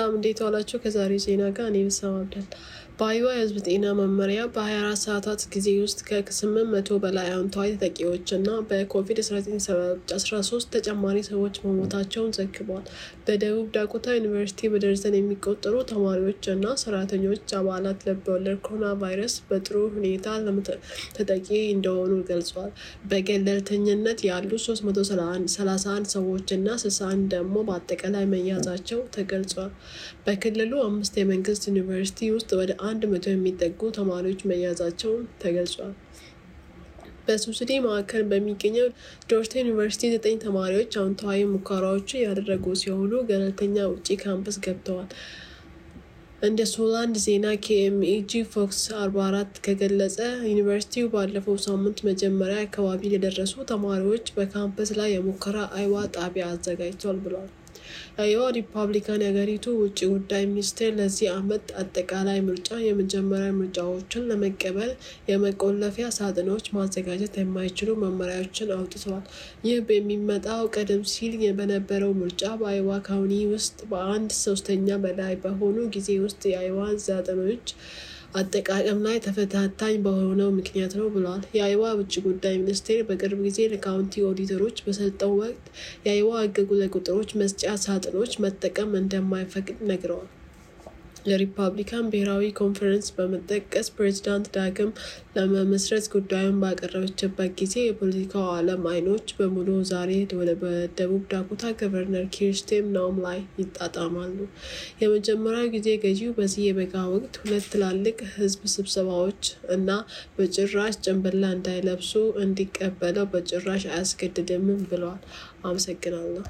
ሰላም እንዴት ዋላችሁ? ከዛሬ ዜና ጋር እኔ ብሰማ በአይዋ የህዝብ ጤና መመሪያ በ24 ሰዓታት ጊዜ ውስጥ ከ800 በላይ አዎንታዊ ተጠቂዎች እና በኮቪድ-19 ሰበብ 13 ተጨማሪ ሰዎች መሞታቸውን ዘግቧል። በደቡብ ዳኮታ ዩኒቨርሲቲ በደርዘን የሚቆጠሩ ተማሪዎች እና ሰራተኞች አባላት ለበወለድ ኮሮና ቫይረስ በጥሩ ሁኔታ ተጠቂ እንደሆኑ ገልጿል። በገለልተኝነት ያሉ 331 ሰዎች እና 61 ደግሞ በአጠቃላይ መያዛቸው ተገልጿል። በክልሉ አምስት የመንግስት ዩኒቨርሲቲ ውስጥ ወደ አንድ መቶ የሚጠጉ ተማሪዎች መያዛቸውን ተገልጿል። በሱስዲ ማዕከል በሚገኘው ዶርቴ ዩኒቨርሲቲ ዘጠኝ ተማሪዎች አውንታዊ ሙከራዎች ያደረጉ ሲሆኑ ገለልተኛ ውጪ ካምፕስ ገብተዋል። እንደ ሶላንድ ዜና ኬኤምኤጂ ፎክስ 44 ከገለጸ ዩኒቨርሲቲው ባለፈው ሳምንት መጀመሪያ አካባቢ ለደረሱ ተማሪዎች በካምፐስ ላይ የሙከራ አይዋ ጣቢያ አዘጋጅቷል ብሏል። ሪፐብሊካን የሀገሪቱ ውጭ ጉዳይ ሚኒስቴር ለዚህ ዓመት አጠቃላይ ምርጫ የመጀመሪያ ምርጫዎችን ለመቀበል የመቆለፊያ ሳጥኖች ማዘጋጀት የማይችሉ መመሪያዎችን አውጥተዋል። ይህ በሚመጣው ቀደም ሲል በነበረው ምርጫ በአይዋ ካውኒ ውስጥ በአንድ ሶስተኛ በላይ በሆኑ ጊዜ ውስጥ የአይዋ ሳጥኖች አጠቃቀም ላይ ተፈታታኝ በሆነው ምክንያት ነው ብለዋል። የአይዋ ውጭ ጉዳይ ሚኒስቴር በቅርብ ጊዜ ለካውንቲ ኦዲተሮች በሰጠው ወቅት የአይዋ ህገ ቁጥሮች መስጫ ሳጥኖች መጠቀም እንደማይፈቅድ ነግረዋል። የሪፐብሊካን ብሔራዊ ኮንፈረንስ በመጠቀስ ፕሬዚዳንት ዳግም ለመመስረት ጉዳዩን ባቀረበችበት ጊዜ የፖለቲካው ዓለም አይኖች በሙሉ ዛሬ በደቡብ ዳኮታ ገቨርነር ኪርስቴም ናውም ላይ ይጣጣማሉ። የመጀመሪያው ጊዜ ገዢው በዚህ የበጋ ወቅት ሁለት ትላልቅ ህዝብ ስብሰባዎች እና በጭራሽ ጭንብላ እንዳይለብሱ እንዲቀበለው በጭራሽ አያስገድድምም ብለዋል። አመሰግናለሁ።